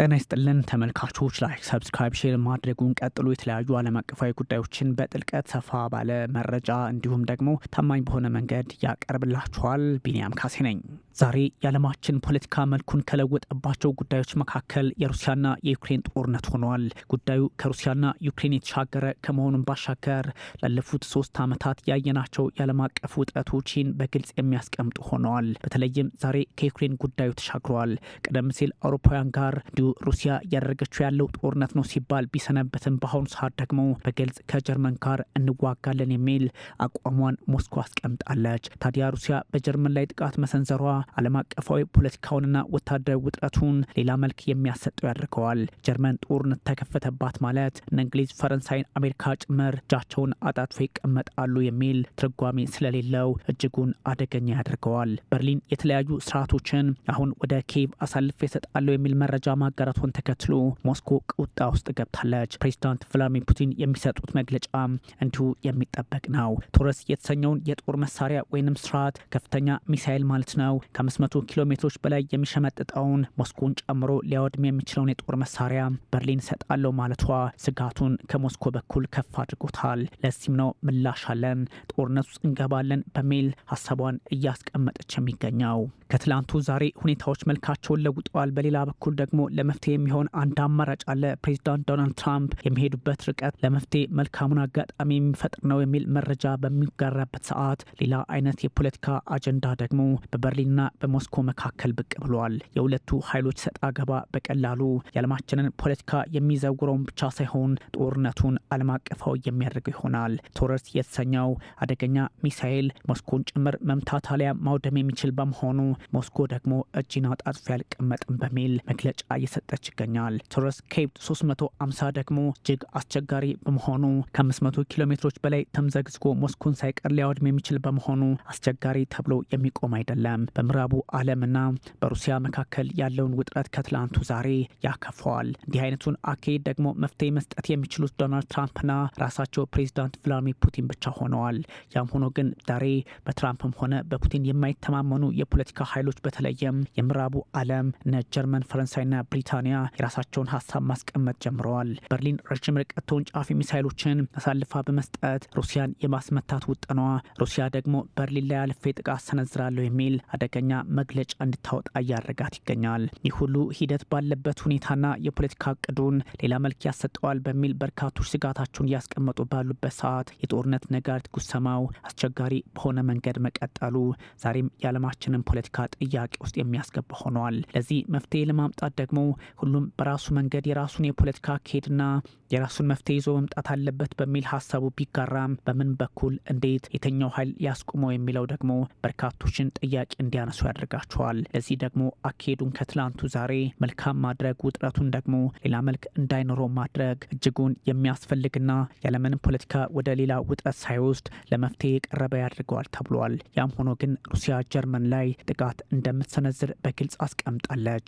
ጤና ይስጥልን ተመልካቾች፣ ላይክ ሰብስክራይብ፣ ሼር ማድረጉን ቀጥሎ የተለያዩ ዓለም አቀፋዊ ጉዳዮችን በጥልቀት ሰፋ ባለ መረጃ እንዲሁም ደግሞ ታማኝ በሆነ መንገድ ያቀርብላችኋል። ቢንያም ካሴ ነኝ። ዛሬ የዓለማችን ፖለቲካ መልኩን ከለወጠባቸው ጉዳዮች መካከል የሩሲያና የዩክሬን ጦርነት ሆኗል። ጉዳዩ ከሩሲያና ዩክሬን የተሻገረ ከመሆኑን ባሻገር ላለፉት ሶስት ዓመታት ያየናቸው የዓለም አቀፍ ውጥረቶችን በግልጽ የሚያስቀምጡ ሆነዋል። በተለይም ዛሬ ከዩክሬን ጉዳዩ ተሻግሯል። ቀደም ሲል አውሮፓውያን ጋር በሰዓዲው ሩሲያ እያደረገችው ያለው ጦርነት ነው ሲባል ቢሰነበትም በአሁኑ ሰዓት ደግሞ በግልጽ ከጀርመን ጋር እንዋጋለን የሚል አቋሟን ሞስኮ አስቀምጣለች። ታዲያ ሩሲያ በጀርመን ላይ ጥቃት መሰንዘሯ ዓለም አቀፋዊ ፖለቲካውንና ወታደራዊ ውጥረቱን ሌላ መልክ የሚያሰጠው ያደርገዋል። ጀርመን ጦርነት ተከፈተባት ማለት እነ እንግሊዝ፣ ፈረንሳይን፣ አሜሪካ ጭምር እጃቸውን አጣጥፎ ይቀመጣሉ የሚል ትርጓሜ ስለሌለው እጅጉን አደገኛ ያደርገዋል። በርሊን የተለያዩ ስርዓቶችን አሁን ወደ ኪየቭ አሳልፎ ይሰጣለሁ የሚል መረጃ ማጋራቷን ተከትሎ ሞስኮ ቁጣ ውስጥ ገብታለች። ፕሬዚዳንት ቭላዲሚር ፑቲን የሚሰጡት መግለጫ እንዲሁ የሚጠበቅ ነው። ቶረስ የተሰኘውን የጦር መሳሪያ ወይንም ስርዓት ከፍተኛ ሚሳይል ማለት ነው ከ500 ኪሎ ሜትሮች በላይ የሚሸመጥጠውን ሞስኮን ጨምሮ ሊያወድም የሚችለውን የጦር መሳሪያ በርሊን ሰጣለው ማለቷ ስጋቱን ከሞስኮ በኩል ከፍ አድርጎታል። ለዚህም ነው ምላሽ አለን ጦርነት ውስጥ እንገባለን በሚል ሀሳቧን እያስቀመጠች የሚገኘው። ከትላንቱ ዛሬ ሁኔታዎች መልካቸውን ለውጠዋል። በሌላ በኩል ደግሞ ለመፍትሄ የሚሆን አንድ አማራጭ አለ። ፕሬዚዳንት ዶናልድ ትራምፕ የሚሄዱበት ርቀት ለመፍትሄ መልካሙን አጋጣሚ የሚፈጥር ነው የሚል መረጃ በሚጋራበት ሰዓት ሌላ አይነት የፖለቲካ አጀንዳ ደግሞ በበርሊንና በሞስኮ መካከል ብቅ ብሏል። የሁለቱ ኃይሎች ሰጣ አገባ በቀላሉ የዓለማችንን ፖለቲካ የሚዘውረውን ብቻ ሳይሆን ጦርነቱን ዓለም አቀፋዊ የሚያደርገው ይሆናል። ቶረስ የተሰኘው አደገኛ ሚሳኤል ሞስኮን ጭምር መምታት አሊያ ማውደም የሚችል በመሆኑ ሞስኮ ደግሞ እጅና ጣጥፍ ያልቀመጥም በሚል መግለጫ እየሰጠች ይገኛል። ቶረስ ኬፕ 350 ደግሞ እጅግ አስቸጋሪ በመሆኑ ከ500 ኪሎ ሜትሮች በላይ ተምዘግዝጎ ሞስኮን ሳይቀር ሊያወድም የሚችል በመሆኑ አስቸጋሪ ተብሎ የሚቆም አይደለም። በምዕራቡ ዓለምና በሩሲያ መካከል ያለውን ውጥረት ከትላንቱ ዛሬ ያከፈዋል። እንዲህ አይነቱን አካሄድ ደግሞ መፍትሄ መስጠት የሚችሉት ዶናልድ ትራምፕና ራሳቸው ፕሬዚዳንት ቭላድሚር ፑቲን ብቻ ሆነዋል። ያም ሆኖ ግን ዛሬ በትራምፕም ሆነ በፑቲን የማይተማመኑ የፖለቲካ ኃይሎች በተለይም የምዕራቡ ዓለም እነ ጀርመን፣ ፈረንሳይና ብሪ ብሪታንያ የራሳቸውን ሀሳብ ማስቀመጥ ጀምረዋል። በርሊን ረዥም ርቀት ተወንጫፊ ሚሳይሎችን አሳልፋ በመስጠት ሩሲያን የማስመታት ውጥኗ ሩሲያ ደግሞ በርሊን ላይ አልፌ ጥቃት ሰነዝራለሁ የሚል አደገኛ መግለጫ እንድታወጣ እያደረጋት ይገኛል። ይህ ሁሉ ሂደት ባለበት ሁኔታና የፖለቲካ እቅዱን ሌላ መልክ ያሰጠዋል በሚል በርካቶች ስጋታቸውን እያስቀመጡ ባሉበት ሰዓት የጦርነት ነጋሪት ጉሰማው አስቸጋሪ በሆነ መንገድ መቀጠሉ ዛሬም የዓለማችንን ፖለቲካ ጥያቄ ውስጥ የሚያስገባ ሆኗል። ለዚህ መፍትሄ ለማምጣት ደግሞ ሁሉም በራሱ መንገድ የራሱን የፖለቲካ አካሄድና የራሱን መፍትሄ ይዞ መምጣት አለበት በሚል ሀሳቡ ቢጋራም በምን በኩል እንዴት የተኛው ኃይል ያስቆመው የሚለው ደግሞ በርካቶችን ጥያቄ እንዲያነሱ ያደርጋቸዋል። ለዚህ ደግሞ አካሄዱን ከትላንቱ ዛሬ መልካም ማድረግ፣ ውጥረቱን ደግሞ ሌላ መልክ እንዳይኖረው ማድረግ እጅጉን የሚያስፈልግና ያለምንም ፖለቲካ ወደ ሌላ ውጥረት ሳይወስድ ለመፍትሄ የቀረበ ያደርገዋል ተብሏል። ያም ሆኖ ግን ሩሲያ ጀርመን ላይ ጥቃት እንደምትሰነዝር በግልጽ አስቀምጣለች።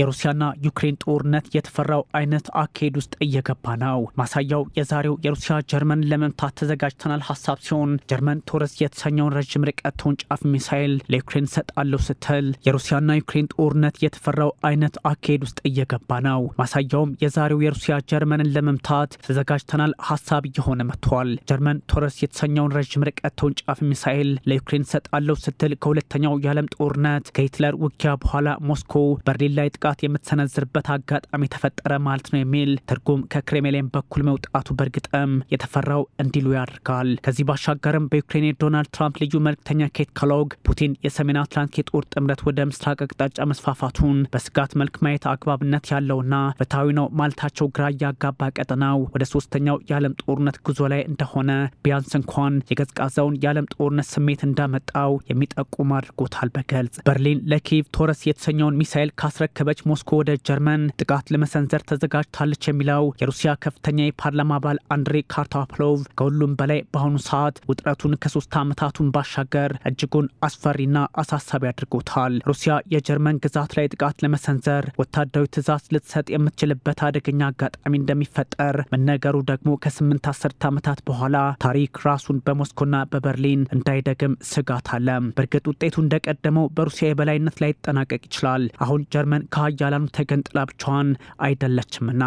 የሩሲያና ዩክሬን ጦርነት የተፈራው አይነት አካሄድ ውስጥ እየገባ ነው። ማሳያው የዛሬው የሩሲያ ጀርመን ለመምታት ተዘጋጅተናል ሀሳብ ሲሆን ጀርመን ቶረስ የተሰኘውን ረዥም ርቀት ተወንጫፍ ሚሳይል ለዩክሬን ሰጣለሁ ስትል የሩሲያና ዩክሬን ጦርነት የተፈራው አይነት አካሄድ ውስጥ እየገባ ነው። ማሳያውም የዛሬው የሩሲያ ጀርመንን ለመምታት ተዘጋጅተናል ሀሳብ እየሆነ መጥቷል። ጀርመን ቶረስ የተሰኘውን ረዥም ርቀት ተወንጫፍ ሚሳይል ለዩክሬን ሰጣለሁ ስትል ከሁለተኛው የዓለም ጦርነት ከሂትለር ውጊያ በኋላ ሞስኮ በርሊን ላይ ጥቃት የምትሰነዝርበት አጋጣሚ ተፈጠረ ማለት ነው የሚል ትርጉም ከክሬምሊን በኩል መውጣቱ በእርግጥም የተፈራው እንዲሉ ያደርጋል። ከዚህ ባሻገርም በዩክሬን የዶናልድ ትራምፕ ልዩ መልክተኛ ኬት ካሎግ ፑቲን የሰሜን አትላንቲክ የጦር ጥምረት ወደ ምስራቅ አቅጣጫ መስፋፋቱን በስጋት መልክ ማየት አግባብነት ያለውና ፍትሐዊ ነው ማለታቸው ግራ እያጋባ ቀጠናው ወደ ሶስተኛው የዓለም ጦርነት ጉዞ ላይ እንደሆነ ቢያንስ እንኳን የቀዝቃዛውን የዓለም ጦርነት ስሜት እንዳመጣው የሚጠቁም አድርጎታል። በገልጽ በርሊን ለኪቭ ቶረስ የተሰኘውን ሚሳኤል ካስረከበ ያቀረበች ሞስኮ ወደ ጀርመን ጥቃት ለመሰንዘር ተዘጋጅታለች የሚለው የሩሲያ ከፍተኛ የፓርላማ አባል አንድሬ ካርታፕሎቭ ከሁሉም በላይ በአሁኑ ሰዓት ውጥረቱን ከሶስት ዓመታቱን ባሻገር እጅጉን አስፈሪና አሳሳቢ አድርጎታል። ሩሲያ የጀርመን ግዛት ላይ ጥቃት ለመሰንዘር ወታደራዊ ትዕዛዝ ልትሰጥ የምትችልበት አደገኛ አጋጣሚ እንደሚፈጠር መነገሩ ደግሞ ከስምንት አስርት ዓመታት በኋላ ታሪክ ራሱን በሞስኮና በበርሊን እንዳይደግም ስጋት አለ። በእርግጥ ውጤቱ እንደቀደመው በሩሲያ የበላይነት ላይ ይጠናቀቅ ይችላል። አሁን ጀርመን ከ ከሀያላኑ ተገንጥላ ብቻዋን አይደለችምና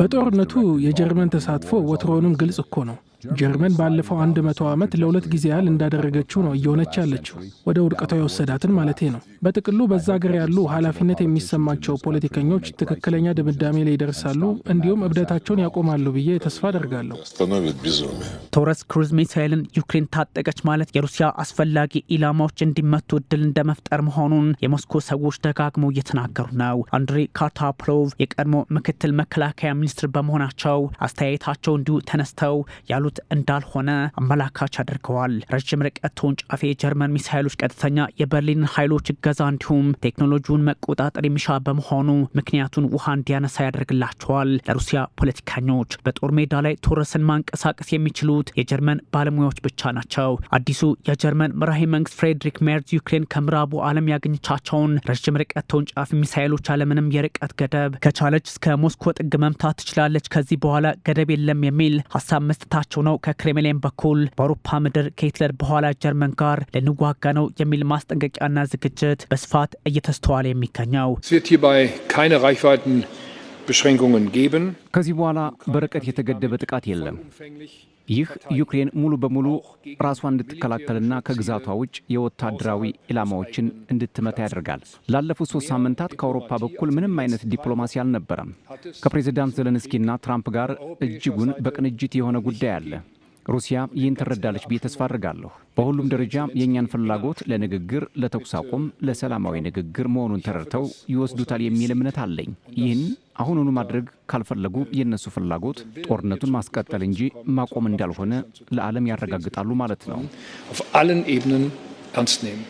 በጦርነቱ የጀርመን ተሳትፎ ወትሮውንም ግልጽ እኮ ነው። ጀርመን ባለፈው አንድ መቶ ዓመት ለሁለት ጊዜ ያህል እንዳደረገችው ነው እየሆነች ያለችው፣ ወደ ውድቀቷ የወሰዳትን ማለቴ ነው። በጥቅሉ በዛ ገር ያሉ ኃላፊነት የሚሰማቸው ፖለቲከኞች ትክክለኛ ድምዳሜ ላይ ይደርሳሉ፣ እንዲሁም እብደታቸውን ያቆማሉ ብዬ ተስፋ አደርጋለሁ። ቶረስ ክሩዝ ሚሳይልን ዩክሬን ታጠቀች ማለት የሩሲያ አስፈላጊ ኢላማዎች እንዲመቱ እድል እንደመፍጠር መሆኑን የሞስኮ ሰዎች ደጋግመው እየተናገሩ ነው። አንድሬ ካርታፕሎቭ የቀድሞ ምክትል መከላከያ ሚኒስትር በመሆናቸው አስተያየታቸው እንዲሁ ተነስተው ያሉት ያሉት እንዳልሆነ አመላካች አድርገዋል። ረዥም ርቀት ተወንጫፊ የጀርመን ሚሳይሎች ቀጥተኛ የበርሊን ኃይሎች እገዛ እንዲሁም ቴክኖሎጂውን መቆጣጠር የሚሻ በመሆኑ ምክንያቱን ውሃ እንዲያነሳ ያደርግላቸዋል። ለሩሲያ ፖለቲከኞች በጦር ሜዳ ላይ ቶረስን ማንቀሳቀስ የሚችሉት የጀርመን ባለሙያዎች ብቻ ናቸው። አዲሱ የጀርመን መራሄ መንግስት ፍሬድሪክ ሜርዝ ዩክሬን ከምዕራቡ ዓለም ያገኘቻቸውን ረዥም ርቀት ተወንጫፊ ሚሳይሎች አለምንም የርቀት ገደብ ከቻለች እስከ ሞስኮ ጥግ መምታት ትችላለች፣ ከዚህ በኋላ ገደብ የለም የሚል ሀሳብ መስጠታቸው ነው ከክሬምሊን በኩል በአውሮፓ ምድር ከሂትለር በኋላ ጀርመን ጋር ልንዋጋ ነው የሚል ማስጠንቀቂያና ዝግጅት በስፋት እየተስተዋለ የሚገኘው ከዚህ በኋላ በርቀት የተገደበ ጥቃት የለም። ይህ ዩክሬን ሙሉ በሙሉ ራሷን እንድትከላከልና ከግዛቷ ውጭ የወታደራዊ ኢላማዎችን እንድትመታ ያደርጋል። ላለፉት ሶስት ሳምንታት ከአውሮፓ በኩል ምንም አይነት ዲፕሎማሲ አልነበረም። ከፕሬዚዳንት ዘለንስኪና ትራምፕ ጋር እጅጉን በቅንጅት የሆነ ጉዳይ አለ። ሩሲያ ይህን ትረዳለች ብዬ ተስፋ አድርጋለሁ። በሁሉም ደረጃ የእኛን ፍላጎት ለንግግር፣ ለተኩስ አቁም፣ ለሰላማዊ ንግግር መሆኑን ተረድተው ይወስዱታል የሚል እምነት አለኝ። ይህን አሁኑኑ ማድረግ ካልፈለጉ የእነሱ ፍላጎት ጦርነቱን ማስቀጠል እንጂ ማቆም እንዳልሆነ ለዓለም ያረጋግጣሉ ማለት ነው። ernst nehmen.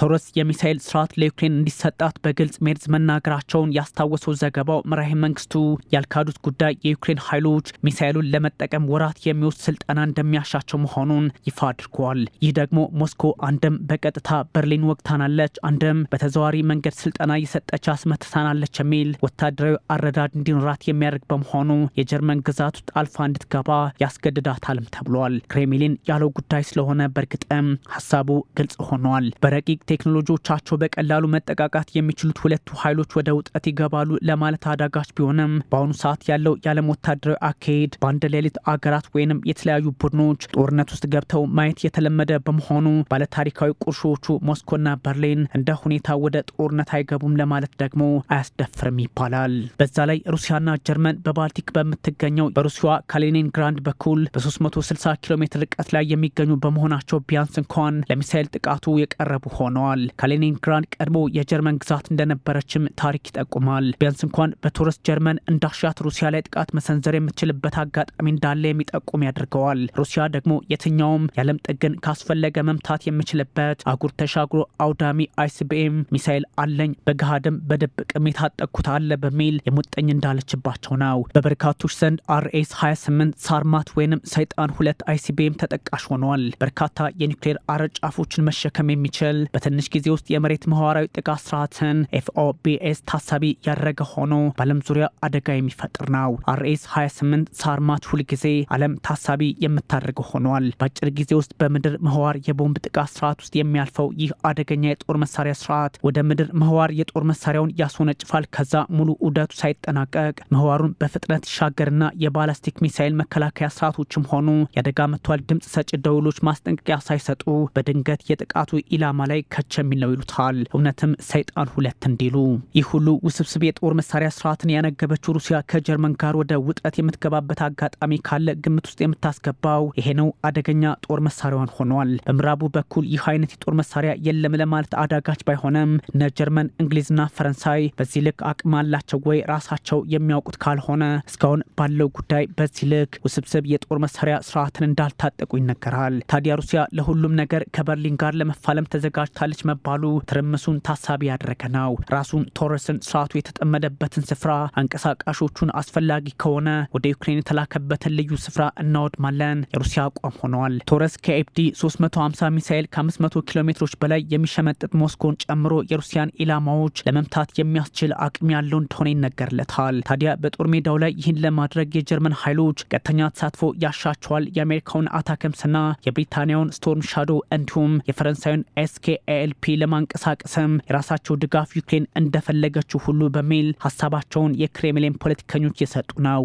ቶረስ የሚሳኤል ስርዓት ለዩክሬን እንዲሰጣት በግልጽ ሜርዝ መናገራቸውን ያስታወሰው ዘገባው መራሄ መንግስቱ ያልካዱት ጉዳይ የዩክሬን ኃይሎች ሚሳኤሉን ለመጠቀም ወራት የሚወስድ ስልጠና እንደሚያሻቸው መሆኑን ይፋ አድርገዋል። ይህ ደግሞ ሞስኮ አንድም በቀጥታ በርሊን ወግታናለች፣ አንድም በተዘዋሪ መንገድ ስልጠና እየሰጠች አስመትታናለች የሚል ወታደራዊ አረዳድ እንዲኖራት የሚያደርግ በመሆኑ የጀርመን ግዛት ውስጥ አልፋ እንድትገባ ያስገድዳታልም ተብሏል። ክሬምሊን ያለው ጉዳይ ስለሆነ በእርግጥም ሀሳቡ ግልጽ ግልጽ ሆኗል። በረቂቅ ቴክኖሎጂዎቻቸው በቀላሉ መጠቃቃት የሚችሉት ሁለቱ ኃይሎች ወደ ውጥረት ይገባሉ ለማለት አዳጋች ቢሆንም በአሁኑ ሰዓት ያለው የዓለም ወታደራዊ አካሄድ በአንድ ሌሊት አገራት ወይንም የተለያዩ ቡድኖች ጦርነት ውስጥ ገብተው ማየት የተለመደ በመሆኑ ባለታሪካዊ ቁርሾዎቹ ሞስኮና በርሊን እንደ ሁኔታ ወደ ጦርነት አይገቡም ለማለት ደግሞ አያስደፍርም ይባላል። በዛ ላይ ሩሲያና ጀርመን በባልቲክ በምትገኘው በሩሲያ ካሊኒንግራንድ በኩል በ360 ኪሎ ሜትር ርቀት ላይ የሚገኙ በመሆናቸው ቢያንስ እንኳን ለሚሳይል ጥቃቱ የቀረቡ ሆነዋል። ከሌኒንግራድ ቀድሞ የጀርመን ግዛት እንደነበረችም ታሪክ ይጠቁማል። ቢያንስ እንኳን በቱሪስት ጀርመን እንዳሻት ሩሲያ ላይ ጥቃት መሰንዘር የምትችልበት አጋጣሚ እንዳለ የሚጠቁም ያደርገዋል። ሩሲያ ደግሞ የትኛውም የዓለም ጥግን ካስፈለገ መምታት የምችልበት አጉር ተሻግሮ አውዳሚ አይሲቢኤም ሚሳይል አለኝ በገሃድም በድብቅም የታጠቅኩት አለ በሚል የሙጠኝ እንዳለችባቸው ነው። በበርካቶች ዘንድ አርኤስ 28 ሳርማት ወይንም ሰይጣን ሁለት አይሲቢኤም ተጠቃሽ ሆኗል። በርካታ የኒውክሌር አረጫፎችን መሸከም የሚችል በትንሽ ጊዜ ውስጥ የመሬት መህዋራዊ ጥቃት ስርዓትን ኤፍኦቢኤስ ታሳቢ ያደረገ ሆኖ በዓለም ዙሪያ አደጋ የሚፈጥር ነው። አርኤስ 28 ሳርማት ሁልጊዜ ዓለም ታሳቢ የምታደርገው ሆኗል። በአጭር ጊዜ ውስጥ በምድር ምህዋር የቦምብ ጥቃት ስርዓት ውስጥ የሚያልፈው ይህ አደገኛ የጦር መሳሪያ ስርዓት ወደ ምድር ምህዋር የጦር መሳሪያውን ያስወነጭፋል። ከዛ ሙሉ ውደቱ ሳይጠናቀቅ ምህዋሩን በፍጥነት ይሻገርና የባላስቲክ ሚሳይል መከላከያ ስርዓቶችም ሆኑ የአደጋ መጥቷል ድምፅ ሰጭ ደውሎች ማስጠንቀቂያ ሳይሰጡ በድንገት የጥቃቱ ኢላማ ላይ የሚል ነው ይሉታል። እውነትም ሰይጣን ሁለት እንዲሉ ይህ ሁሉ ውስብስብ የጦር መሳሪያ ስርዓትን ያነገበችው ሩሲያ ከጀርመን ጋር ወደ ውጥረት የምትገባበት አጋጣሚ ካለ ግምት ውስጥ የምታስገባው ይሄ ነው አደገኛ ጦር መሳሪያዋን ሆኗል። በምዕራቡ በኩል ይህ አይነት የጦር መሳሪያ የለም ለማለት አዳጋች ባይሆነም እነ ጀርመን፣ እንግሊዝና ፈረንሳይ በዚህ ልክ አቅም አላቸው ወይ ራሳቸው የሚያውቁት ካልሆነ እስካሁን ባለው ጉዳይ በዚህ ልክ ውስብስብ የጦር መሳሪያ ስርዓትን እንዳልታጠቁ ይነገራል። ታዲያ ሩሲያ ለሁሉም ነገር ከበርሊን ጋር ለመፋለም ተዘጋጅታለች መባሉ ትርምሱን ታሳቢ ያደረገ ነው። ራሱን ቶረስን ስርዓቱ የተጠመደበትን ስፍራ አንቀሳቃሾቹን አስፈላጊ ከሆነ ወደ ዩክሬን የተላከበትን ልዩ ስፍራ እናወድማለን የሩሲያ አቋም ሆኗል። ቶረስ ከኤፍዲ 350 ሚሳኤል ከ500 ኪሎ ሜትሮች በላይ የሚሸመጥጥ ሞስኮን ጨምሮ የሩሲያን ኢላማዎች ለመምታት የሚያስችል አቅም ያለው እንደሆነ ይነገርለታል። ታዲያ በጦር ሜዳው ላይ ይህን ለማድረግ የጀርመን ኃይሎች ቀጥተኛ ተሳትፎ ያሻቸዋል። የአሜሪካውን አታከምስና የብሪታንያውን ስቶርም ሻዶ እንዲሁም የፈረንሳዩን ኤስኬኤልፒ ለማንቀሳቀስም የራሳቸው ድጋፍ ዩክሬን እንደፈለገችው ሁሉ በሚል ሀሳባቸውን የክሬምሊን ፖለቲከኞች የሰጡ ነው።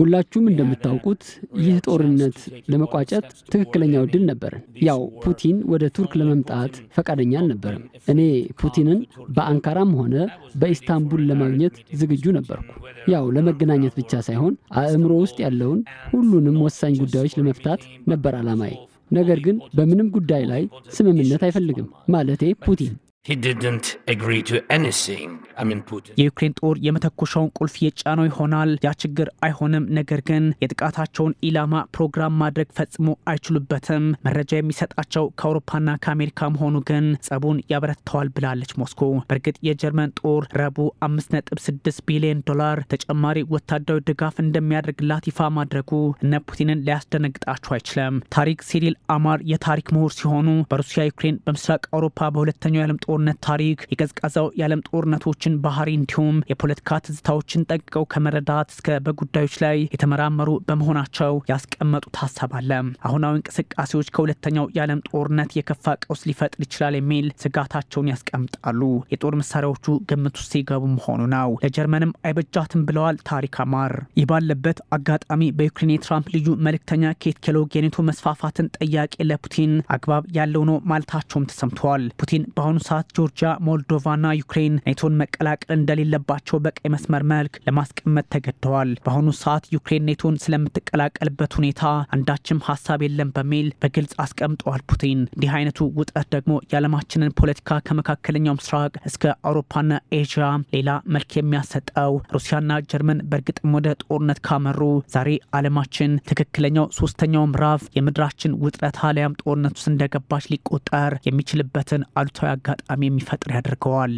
ሁላችሁም እንደምታውቁት ይህ ጦርነት ለመቋጨት ትክክለኛው ድል ነበር። ያው ፑቲን ወደ ቱርክ ለመምጣት ፈቃደኛ አልነበርም። እኔ ፑቲንን በአንካራም ሆነ በኢስታንቡል ለማግኘት ዝግጁ ነበርኩ። ያው ለመገናኘት ብቻ ሳይሆን አእምሮ ውስጥ ያለውን ሁሉንም ወሳኝ ጉዳዮች ለመፍታት ነበር አላማዬ። ነገር ግን በምንም ጉዳይ ላይ ስምምነት አይፈልግም። ማለቴ ፑቲን የዩክሬን ጦር የመተኮሻውን ቁልፍ የጫነው ይሆናል። ያ ችግር አይሆንም። ነገር ግን የጥቃታቸውን ኢላማ ፕሮግራም ማድረግ ፈጽሞ አይችሉበትም። መረጃ የሚሰጣቸው ከአውሮፓና ከአሜሪካ መሆኑ ግን ጸቡን ያበረተዋል ብላለች ሞስኮ። በእርግጥ የጀርመን ጦር ረቡ 5.6 ቢሊዮን ዶላር ተጨማሪ ወታደራዊ ድጋፍ እንደሚያደርግላት ይፋ ማድረጉ እነ ፑቲንን ሊያስደነግጣቸው አይችልም። ታሪክ ሲሪል አማር የታሪክ ምሁር ሲሆኑ በሩሲያ ዩክሬን በምስራቅ አውሮፓ በሁለተኛው የዓለም ጦር ጦርነት ታሪክ፣ የቀዝቃዛው የዓለም ጦርነቶችን ባህሪ እንዲሁም የፖለቲካ ትዝታዎችን ጠቅቀው ከመረዳት እስከ በጉዳዮች ላይ የተመራመሩ በመሆናቸው ያስቀመጡት ሀሳብ አለ። አሁናዊ እንቅስቃሴዎች ከሁለተኛው የዓለም ጦርነት የከፋ ቀውስ ሊፈጥር ይችላል የሚል ስጋታቸውን ያስቀምጣሉ። የጦር መሳሪያዎቹ ግምት ውስጥ ሲገቡ መሆኑ ነው። ለጀርመንም አይበጃትም ብለዋል ታሪክ አማር። ይህ ባለበት አጋጣሚ በዩክሬን የትራምፕ ልዩ መልእክተኛ ኬት ኬሎግ የኔቶ መስፋፋትን ጥያቄ ለፑቲን አግባብ ያለው ነው ማለታቸውም ተሰምተዋል። ፑቲን በአሁኑ ሰዓት አባላት ጆርጂያ፣ ሞልዶቫና ዩክሬን ኔቶን መቀላቀል እንደሌለባቸው በቀይ መስመር መልክ ለማስቀመጥ ተገደዋል። በአሁኑ ሰዓት ዩክሬን ኔቶን ስለምትቀላቀልበት ሁኔታ አንዳችም ሀሳብ የለም በሚል በግልጽ አስቀምጠዋል ፑቲን። እንዲህ አይነቱ ውጥረት ደግሞ የዓለማችንን ፖለቲካ ከመካከለኛው ምስራቅ እስከ አውሮፓና ኤዥያ ሌላ መልክ የሚያሰጠው ሩሲያና ጀርመን በእርግጥም ወደ ጦርነት ካመሩ ዛሬ ዓለማችን ትክክለኛው ሶስተኛው ምዕራፍ የምድራችን ውጥረት አሊያም ጦርነት ውስጥ እንደገባች ሊቆጠር የሚችልበትን አሉታዊ አጋጣሚ አጋጣሚ የሚፈጥር ያደርገዋል።